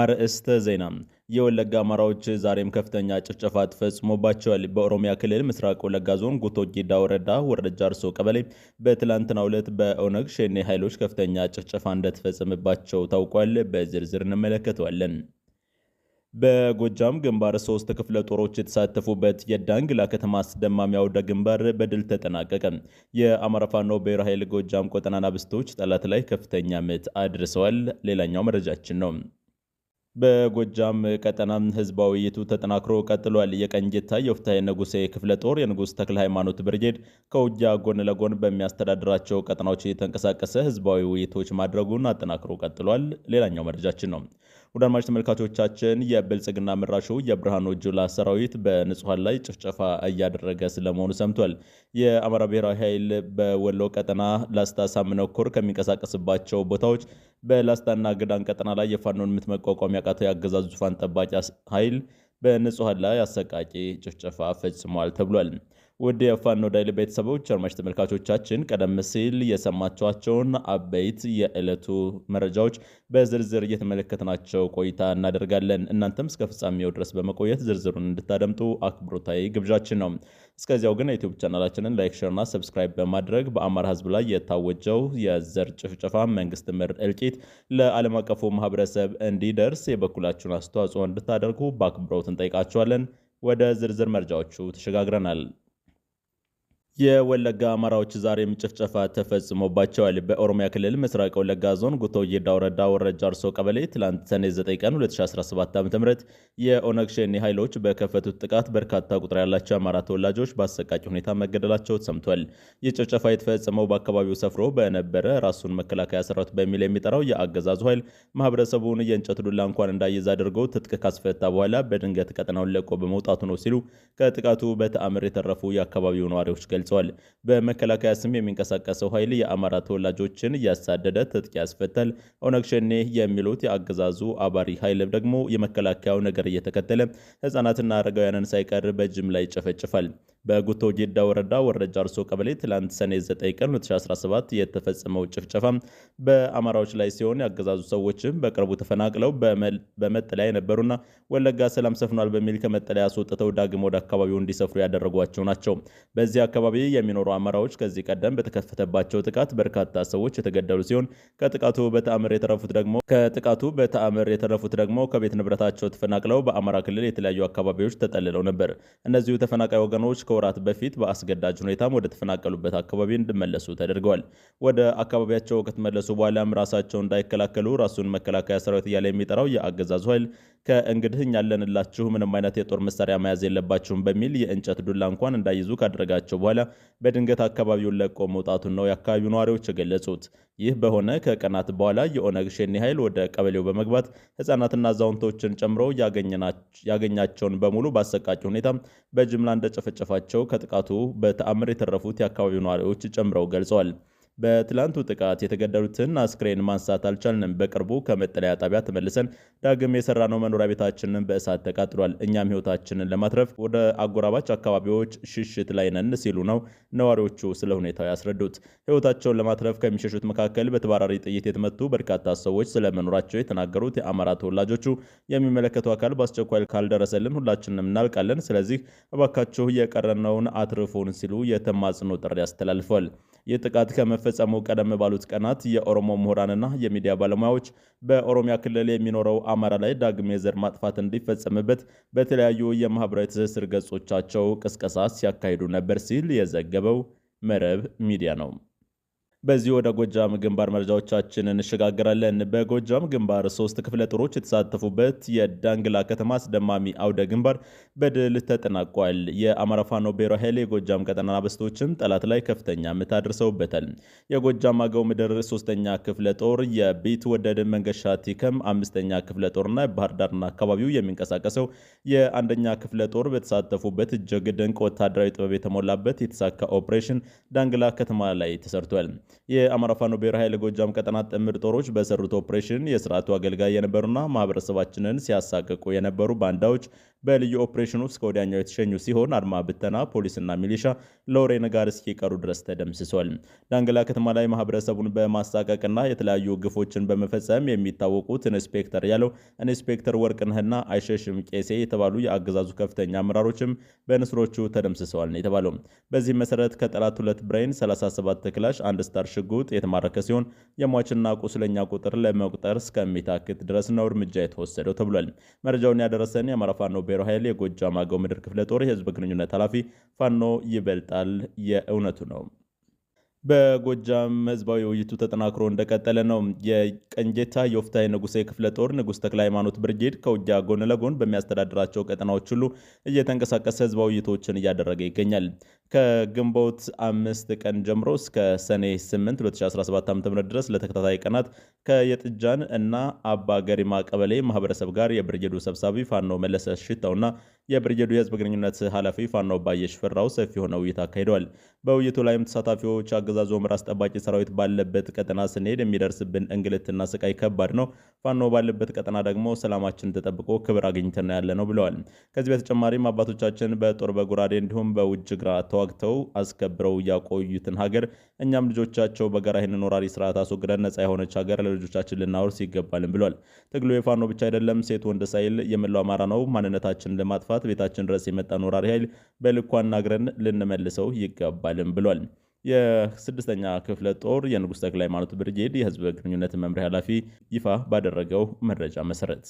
አርእስተ ዜና የወለጋ አማራዎች ዛሬም ከፍተኛ ጭፍጨፋ ተፈጽሞባቸዋል። በኦሮሚያ ክልል ምስራቅ ወለጋ ዞን ጉቶ ጊዳ ወረዳ ወረዳ ጃርሶ ቀበሌ በትላንትናው ዕለት በኦነግ ሸኔ ኃይሎች ከፍተኛ ጭፍጨፋ እንደተፈጸመባቸው ታውቋል። በዝርዝር እንመለከተዋለን። በጎጃም ግንባር ሶስት ክፍለ ጦሮች የተሳተፉበት የዳንግላ ከተማ አስደማሚ አውደ ግንባር በድል ተጠናቀቀ። የአማራ ፋኖ ብሔራዊ ኃይል ጎጃም ቆጠናና ብስቶች ጠላት ላይ ከፍተኛ ምት አድርሰዋል። ሌላኛው መረጃችን ነው። በጎጃም ቀጠና ህዝባዊ ውይይቱ ተጠናክሮ ቀጥሏል። የቀኝ ጌታ የወፍታዊ ንጉሴ ክፍለ ጦር የንጉሥ ተክለ ሃይማኖት ብርጌድ ከውጊያ ጎን ለጎን በሚያስተዳድራቸው ቀጠናዎች የተንቀሳቀሰ ህዝባዊ ውይይቶች ማድረጉን አጠናክሮ ቀጥሏል። ሌላኛው መረጃችን ነው። ውድ አድማጭ ተመልካቾቻችን የብልጽግና መራሹ የብርሃኑ ጁላ ሰራዊት በንጹሐን ላይ ጭፍጨፋ እያደረገ ስለመሆኑ ሰምቷል። የአማራ ብሔራዊ ኃይል በወሎ ቀጠና ላስታ ሳምነው ኮር ከሚንቀሳቀስባቸው ቦታዎች በላስታና ግዳን ቀጠና ላይ የፋኖን ምት መቋቋም ያቃተው የአገዛዙ ዙፋን ጠባቂ ኃይል በንጹሐን ላይ አሰቃቂ ጭፍጨፋ ፈጽሟል ተብሏል። ውድ የፋኖ ዳይል ቤተሰቦች አድማጭ ተመልካቾቻችን ቀደም ሲል የሰማችኋቸውን አበይት የዕለቱ መረጃዎች በዝርዝር እየተመለከትናቸው ቆይታ እናደርጋለን። እናንተም እስከ ፍጻሜው ድረስ በመቆየት ዝርዝሩን እንድታደምጡ አክብሮታዊ ግብዣችን ነው። እስከዚያው ግን የዩቲዩብ ቻናላችንን ላይክ፣ ሸርና ሰብስክራይብ በማድረግ በአማራ ሕዝብ ላይ የታወጀው የዘር ጭፍጨፋ መንግስት ምር እልቂት ለዓለም አቀፉ ማህበረሰብ እንዲደርስ የበኩላችሁን አስተዋጽኦ እንድታደርጉ በአክብሮት እንጠይቃችኋለን። ወደ ዝርዝር መረጃዎቹ ተሸጋግረናል። የወለጋ አማራዎች ዛሬም ጭፍጨፋ ተፈጽሞባቸዋል። በኦሮሚያ ክልል ምስራቅ ወለጋ ዞን ጉቶ ይዳ ወረዳ ወረጃ አርሶ ቀበሌ ትላንት ሰኔ 9 ቀን 2017 ዓ ም የኦነግ ሸኔ ኃይሎች በከፈቱት ጥቃት በርካታ ቁጥር ያላቸው አማራ ተወላጆች በአሰቃቂ ሁኔታ መገደላቸው ሰምቷል። ይህ ጭፍጨፋ የተፈጸመው በአካባቢው ሰፍሮ በነበረ ራሱን መከላከያ ሰራዊት በሚል የሚጠራው የአገዛዙ ኃይል ማህበረሰቡን የእንጨት ዱላ እንኳን እንዳይዝ አድርጎ ትጥቅ ካስፈታ በኋላ በድንገት ቀጠናውን ለቆ በመውጣቱ ነው ሲሉ ከጥቃቱ በተአምር የተረፉ የአካባቢው ነዋሪዎች ገልጸዋል። ገልጸዋል። በመከላከያ ስም የሚንቀሳቀሰው ኃይል የአማራ ተወላጆችን እያሳደደ ትጥቅ ያስፈታል። ኦነግ ሸኔ የሚሉት የአገዛዙ አባሪ ኃይል ደግሞ የመከላከያው ነገር እየተከተለ ህጻናትና አረጋውያንን ሳይቀር በጅምላ ይጨፈጭፋል። በጉቶ ጌዳ ወረዳ ወረጃ አርሶ ቀበሌ ትላንት ሰኔ 9 ቀን 2017 የተፈጸመው ጭፍጨፋ በአማራዎች ላይ ሲሆን ያገዛዙ ሰዎችም በቅርቡ ተፈናቅለው በመጠለያ የነበሩና ወለጋ ሰላም ሰፍኗል በሚል ከመጠለያ አስወጥተው ዳግም ወደ አካባቢው እንዲሰፍሩ ያደረጓቸው ናቸው። በዚህ አካባቢ የሚኖሩ አማራዎች ከዚህ ቀደም በተከፈተባቸው ጥቃት በርካታ ሰዎች የተገደሉ ሲሆን ከጥቃቱ በተአምር የተረፉት ደግሞ ከጥቃቱ በተአምር የተረፉት ደግሞ ከቤት ንብረታቸው ተፈናቅለው በአማራ ክልል የተለያዩ አካባቢዎች ተጠልለው ነበር። እነዚሁ ተፈናቃይ ወገኖች ከወራት በፊት በአስገዳጅ ሁኔታም ወደ ተፈናቀሉበት አካባቢ እንዲመለሱ ተደርገዋል። ወደ አካባቢያቸው ከተመለሱ በኋላም ራሳቸው እንዳይከላከሉ ራሱን መከላከያ ሰራዊት እያለ የሚጠራው የአገዛዙ ኃይል ከእንግዲህ እኛለንላችሁ ምንም አይነት የጦር መሳሪያ መያዝ የለባችሁም በሚል የእንጨት ዱላ እንኳን እንዳይዙ ካደረጋቸው በኋላ በድንገት አካባቢውን ለቆ መውጣቱን ነው የአካባቢው ነዋሪዎች የገለጹት። ይህ በሆነ ከቀናት በኋላ የኦነግ ሸኔ ኃይል ወደ ቀበሌው በመግባት ህጻናትና አዛውንቶችን ጨምሮ ያገኛቸውን በሙሉ በአሰቃቂ ሁኔታ በጅምላ እንደጨፈጨፋቸው መኖራቸው ከጥቃቱ በተአምር የተረፉት የአካባቢው ነዋሪዎች ጨምረው ገልጸዋል። በትላንቱ ጥቃት የተገደሉትን አስክሬን ማንሳት አልቻልንም። በቅርቡ ከመጠለያ ጣቢያ ተመልሰን ዳግም የሰራነው መኖሪያ ቤታችንን በእሳት ተቃጥሏል። እኛም ሕይወታችንን ለማትረፍ ወደ አጎራባች አካባቢዎች ሽሽት ላይ ነን ሲሉ ነው ነዋሪዎቹ ስለ ሁኔታው ያስረዱት። ሕይወታቸውን ለማትረፍ ከሚሸሹት መካከል በተባራሪ ጥይት የተመቱ በርካታ ሰዎች ስለመኖራቸው የተናገሩት የአማራ ተወላጆቹ የሚመለከቱ አካል በአስቸኳይ ካልደረሰልን ሁላችንም እናልቃለን። ስለዚህ እባካችሁ የቀረነውን አትርፉን ሲሉ የተማጽኖ ጥሪ አስተላልፏል። ይህ ጥቃት ከመፈጸሙ ቀደም ባሉት ቀናት የኦሮሞ ምሁራንና የሚዲያ ባለሙያዎች በኦሮሚያ ክልል የሚኖረው አማራ ላይ ዳግም የዘር ማጥፋት እንዲፈጸምበት በተለያዩ የማህበራዊ ትስስር ገጾቻቸው ቅስቀሳ ሲያካሂዱ ነበር ሲል የዘገበው መረብ ሚዲያ ነው። በዚህ ወደ ጎጃም ግንባር መረጃዎቻችን እንሸጋገራለን። በጎጃም ግንባር ሶስት ክፍለ ጦሮች የተሳተፉበት የዳንግላ ከተማ አስደማሚ አውደ ግንባር በድል ተጠናቋል። የአማራ ፋኖ ብሔራዊ ኃይል የጎጃም ቀጠና አበስቶችም ጠላት ላይ ከፍተኛ ምት አድርሰውበታል። የጎጃም አገው ምድር ሶስተኛ ክፍለ ጦር የቤት ወደድ መንገሻ ቲከም አምስተኛ ክፍለ ጦርና የባህር ዳርና አካባቢው የሚንቀሳቀሰው የአንደኛ ክፍለ ጦር በተሳተፉበት እጅግ ድንቅ ወታደራዊ ጥበብ የተሞላበት የተሳካ ኦፕሬሽን ዳንግላ ከተማ ላይ ተሰርቷል። የአማራ ፋኖ ብሔራዊ ኃይል ጎጃም ቀጠና ጥምር ጦሮች በሰሩት ኦፕሬሽን የስርዓቱ አገልጋይ የነበሩና ማህበረሰባችንን ሲያሳቅቁ የነበሩ ባንዳዎች በልዩ ኦፕሬሽን ውስጥ ከወዲያኛው የተሸኙ ሲሆን አድማ ብተና፣ ፖሊስና ሚሊሻ ለወሬ ነጋሪ እስኪቀሩ ድረስ ተደምስሷል። ዳንግላ ከተማ ላይ ማህበረሰቡን በማሳቀቅና የተለያዩ ግፎችን በመፈጸም የሚታወቁት ኢንስፔክተር ያለው ኢንስፔክተር ወርቅነህና አይሸሽም ቄሴ የተባሉ የአገዛዙ ከፍተኛ አመራሮችም በንስሮቹ ተደምስሰዋል የተባለው በዚህ መሰረት ከጠላት ሁለት ብሬን 37 ክላሽ አንድ ሞርታር ሽጉጥ የተማረከ ሲሆን የሟችና ቁስለኛ ቁጥር ለመቁጠር እስከሚታክት ድረስ ነው እርምጃ የተወሰደው ተብሏል። መረጃውን ያደረሰን የአማራ ፋኖ ብሔሮ ኃይል የጎጃም አገው ምድር ክፍለ ጦር የህዝብ ግንኙነት ኃላፊ ፋኖ ይበልጣል የእውነቱ ነው። በጎጃም ህዝባዊ ውይይቱ ተጠናክሮ እንደቀጠለ ነው። የቀንጀታ የወፍታ ንጉሴ ክፍለ ጦር ንጉሥ ተክለ ሃይማኖት ብርጌድ ከውጊያ ጎን ለጎን በሚያስተዳድራቸው ቀጠናዎች ሁሉ እየተንቀሳቀሰ ህዝባዊ ውይይቶችን እያደረገ ይገኛል። ከግንቦት አምስት ቀን ጀምሮ እስከ ሰኔ 8 2017 ም ድረስ ለተከታታይ ቀናት ከየጥጃን እና አባ ገሪማ ቀበሌ ማህበረሰብ ጋር የብርጌዱ ሰብሳቢ ፋኖ መለሰ ሽታውና የብርጌዱ የህዝብ ግንኙነት ኃላፊ ፋኖ ባየሽ ፈራው ሰፊ የሆነ ውይይት አካሂደዋል። በውይይቱ ላይም ተሳታፊዎች አገዛዙ ወምራ አስጠባቂ ሰራዊት ባለበት ቀጠና ስንሄድ የሚደርስብን እንግልትና ስቃይ ከባድ ነው፣ ፋኖ ባለበት ቀጠና ደግሞ ሰላማችን ተጠብቆ ክብር አግኝተና ያለ ነው ብለዋል። ከዚህ በተጨማሪም አባቶቻችን በጦር በጉራዴ እንዲሁም በውጅ ግራ ተዋግተው አስከብረው ያቆዩትን ሀገር እኛም ልጆቻቸው በጋራ ይህንን ወራሪ ስርዓት አስወግደን ነጻ የሆነች ሀገር ለልጆቻችን ልናወርስ ይገባልን ብለዋል። ትግሉ የፋኖ ብቻ አይደለም፣ ሴት ወንድ ሳይል አማራ ነው። ማንነታችን ለማጥፋት በመምራት ቤታችን ድረስ የመጣን ወራሪ ኃይል በልኳ አናግረን ልንመልሰው ይገባልም ብሏል። የስድስተኛ ክፍለ ጦር የንጉሥ ተክለ ሃይማኖት ብርጌድ የህዝብ ግንኙነት መምሪያ ኃላፊ ይፋ ባደረገው መረጃ መሰረት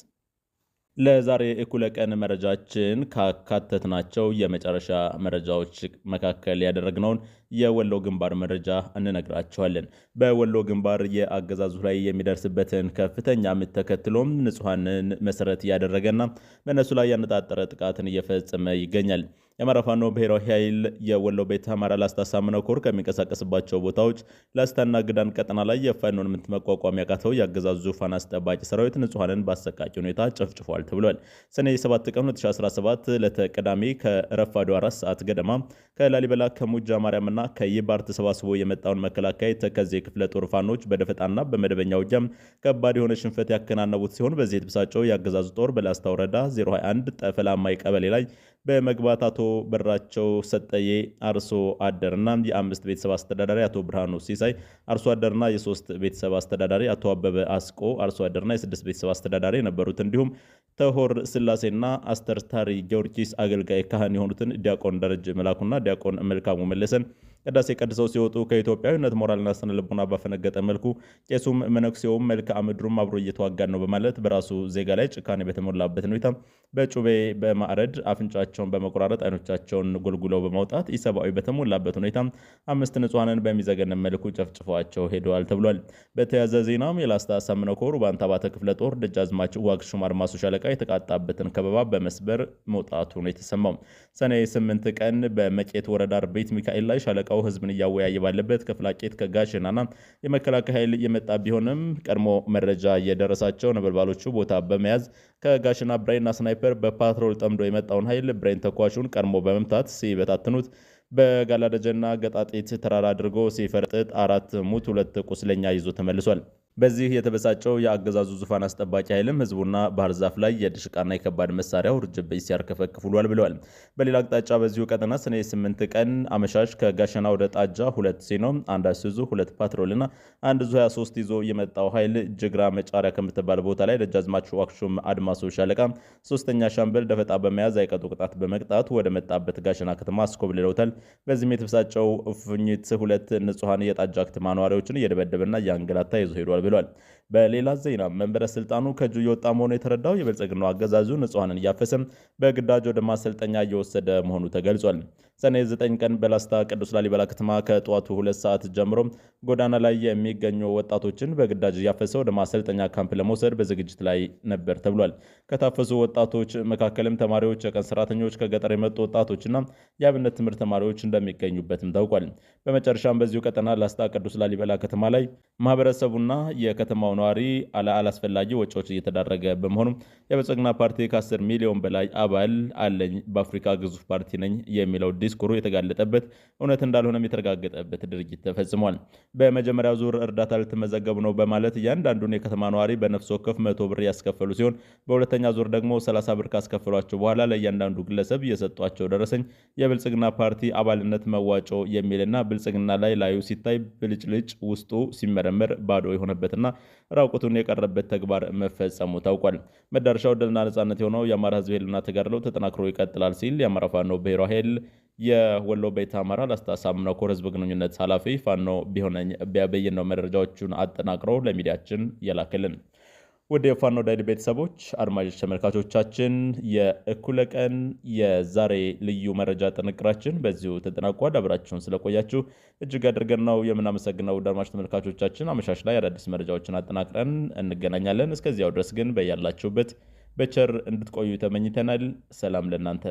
ለዛሬ እኩለ ቀን መረጃችን ካካተትናቸው የመጨረሻ መረጃዎች መካከል ያደረግነውን የወሎ ግንባር መረጃ እንነግራቸዋለን በወሎ ግንባር የአገዛዙ ላይ የሚደርስበትን ከፍተኛ ምት ተከትሎም ንጹሐንን መሰረት እያደረገና በእነሱ ላይ ያነጣጠረ ጥቃትን እየፈጸመ ይገኛል። የአማራ ፋኖ ብሔራዊ ኃይል የወሎ ቤት አማራ ላስታ ሳምነው ኮር ከሚንቀሳቀስባቸው ቦታዎች ላስታና ግዳን ቀጠና ላይ የፋኖን ምት መቋቋም ያቃተው የአገዛዙ ዙፋን አስጠባቂ ሰራዊት ንጹሐንን በአሰቃቂ ሁኔታ ጨፍጭፏል ተብሏል። ሰኔ 7 ቀን 2017 ለተቀዳሚ ከረፋዱ 4 ሰዓት ገደማ ከላሊበላ ከሙጃ ማርያምና ከይባር ተሰባስቦ የመጣውን መከላከያ የተከዜ ክፍለ ጦር ፋኖች በደፈጣና በመደበኛ ውጊያም ከባድ የሆነ ሽንፈት ያከናነቡት ሲሆን በዚህ የተበሳጨው የአገዛዙ ጦር በላስታ ወረዳ 021 ጠፈላማይ ቀበሌ ላይ በመግባት አቶ በራቸው ሰጠዬ አርሶ አደርና የአምስት ቤተሰብ አስተዳዳሪ አቶ ብርሃኑ ሲሳይ አርሶ አደርና የሶስት ቤተሰብ አስተዳዳሪ አቶ አበበ አስቆ አርሶ አደርና የስድስት ቤተሰብ አስተዳዳሪ የነበሩት እንዲሁም ተሆር ስላሴና አስተርታሪ ጊዮርጊስ አገልጋይ ካህን የሆኑትን ዲያቆን ደረጀ መላኩና ዲያቆን መልካሙ መለሰን ቅዳሴ ቀድሰው ሲወጡ ከኢትዮጵያዊነት ሞራልና ስነ ልቦና ባፈነገጠ መልኩ ቄሱም መነኩሴውም መልክዓ ምድሩም አብሮ እየተዋጋን ነው በማለት በራሱ ዜጋ ላይ ጭካኔ በተሞላበት ሁኔታ በጩቤ በማዕረድ አፍንጫቸውን በመቆራረጥ አይኖቻቸውን ጎልጉለው በማውጣት ኢሰብአዊ በተሞላበት ሁኔታ አምስት ንጹሐንን በሚዘገን መልኩ ጨፍጭፏቸው ሄደዋል ተብሏል። በተያዘ ዜናም የላስታ አሳምነው ኮር በአንታባተ ክፍለ ጦር ደጃዝማች ዋግሹም አድማሱ ሻለቃ የተቃጣበትን ከበባ በመስበር መውጣቱ ነው የተሰማው። ሰኔ 8 ቀን በመቄት ወረዳ ቤት ሚካኤል ላይ ሻለቃው ወጣው ህዝብን እያወያየ ባለበት ከፍላቄት ከጋሸናና የመከላከያ ኃይል የመጣ ቢሆንም ቀድሞ መረጃ የደረሳቸው ነበልባሎቹ ቦታ በመያዝ ከጋሽና ብሬንና ስናይፐር በፓትሮል ጠምዶ የመጣውን ኃይል ብሬን ተኳሹን ቀድሞ በመምታት ሲበታትኑት በጋላደጀና ገጣጤት ተራራ አድርጎ ሲፈርጥጥ አራት ሙት ሁለት ቁስለኛ ይዞ ተመልሷል። በዚህ የተበሳጨው የአገዛዙ ዙፋን አስጠባቂ ኃይልም ህዝቡና ባህር ዛፍ ላይ የድሽቃና የከባድ መሳሪያ ውርጅብኝ ሲያርከፈክፍ ውሏል ብለዋል። በሌላ አቅጣጫ በዚሁ ቀጠና ሰኔ 8 ቀን አመሻሽ ከጋሸና ወደ ጣጃ ሁለት ሲኖ፣ አንድ አይሱዙ፣ ሁለት ፓትሮልና አንድ ዙ 23 ይዞ የመጣው ኃይል ጅግራ መጫሪያ ከምትባል ቦታ ላይ ደጃዝማች ዋክሹም አድማሶ ሻለቃ ሶስተኛ ሻምበል ደፈጣ በመያዝ አይቀጡ ቅጣት በመቅጣት ወደ መጣበት ጋሸና ከተማ አስኮብልለውታል። በዚህም የተበሳጨው ፍኝት ሁለት ንጹሐን የጣጃ ከተማ ነዋሪዎችን እየደበደበና እያንገላታ ይዞ ሄዷል። ብሏል። በሌላ ዜና መንበረ ስልጣኑ ከእጁ የወጣ መሆኑ የተረዳው የብልጽግናው አገዛዙ ንጹሐንን እያፈሰም በግዳጅ ወደ ማሰልጠኛ እየወሰደ መሆኑ ተገልጿል። ሰኔ 9 ቀን በላስታ ቅዱስ ላሊበላ ከተማ ከጠዋቱ ሁለት ሰዓት ጀምሮ ጎዳና ላይ የሚገኙ ወጣቶችን በግዳጅ እያፈሰ ወደ ማሰልጠኛ ካምፕ ለመውሰድ በዝግጅት ላይ ነበር ተብሏል። ከታፈሱ ወጣቶች መካከልም ተማሪዎች፣ የቀን ሰራተኞች፣ ከገጠር የመጡ ወጣቶችና የአብነት ትምህርት ተማሪዎች እንደሚገኙበትም ታውቋል። በመጨረሻም በዚሁ ቀጠና ላስታ ቅዱስ ላሊበላ ከተማ ላይ ማህበረሰቡና የከተማው ነዋሪ አላስፈላጊ ወጪዎች እየተዳረገ በመሆኑ የብልጽግና ፓርቲ ከ10 ሚሊዮን በላይ አባል አለኝ፣ በአፍሪካ ግዙፍ ፓርቲ ነኝ የሚለው ዲስኩሩ የተጋለጠበት እውነት እንዳልሆነም የተረጋገጠበት ድርጊት ተፈጽሟል። በመጀመሪያው ዙር እርዳታ ልትመዘገቡ ነው በማለት እያንዳንዱን የከተማ ነዋሪ በነፍስ ወከፍ መቶ ብር ያስከፈሉ ሲሆን በሁለተኛ ዙር ደግሞ 30 ብር ካስከፈሏቸው በኋላ ለእያንዳንዱ ግለሰብ እየሰጧቸው ደረሰኝ የብልጽግና ፓርቲ አባልነት መዋጮ የሚልና ብልጽግና ላይ ላዩ ሲታይ ብልጭልጭ ውስጡ ሲመረመር ባዶ የሆነ የቀረበትና ራቁቱን የቀረበት ተግባር መፈጸሙ ታውቋል። መዳረሻው ድልና ነጻነት የሆነው የአማራ ህዝብ ህልና ተጋድለው ተጠናክሮ ይቀጥላል ሲል የአማራ ፋኖ ብሔራዊ ኃይል የወሎ ቤት አማራ ላስታ ሳምና ኮር ህዝብ ግንኙነት ኃላፊ ፋኖ ቢሆነኝ ቢያበይን ነው መረጃዎቹን አጠናቅረው ለሚዲያችን የላክልን። ወደ ፋኖ ዳይድ ቤተሰቦች አድማጮች ተመልካቾቻችን የእኩለ ቀን የዛሬ ልዩ መረጃ ጥንቅራችን በዚሁ ተጠናቋል። አብራችሁን ስለቆያችሁ እጅግ አድርገን ነው የምናመሰግነው። አድማጭ ተመልካቾቻችን አመሻሽ ላይ አዳዲስ መረጃዎችን አጠናቅረን እንገናኛለን። እስከዚያው ድረስ ግን በያላችሁበት በቸር እንድትቆዩ ተመኝተናል። ሰላም ለእናንተ።